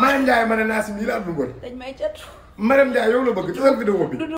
Marème Ndiaye ma ne naa si mii la am lu mbër. dañ may jot. Marème Ndiaye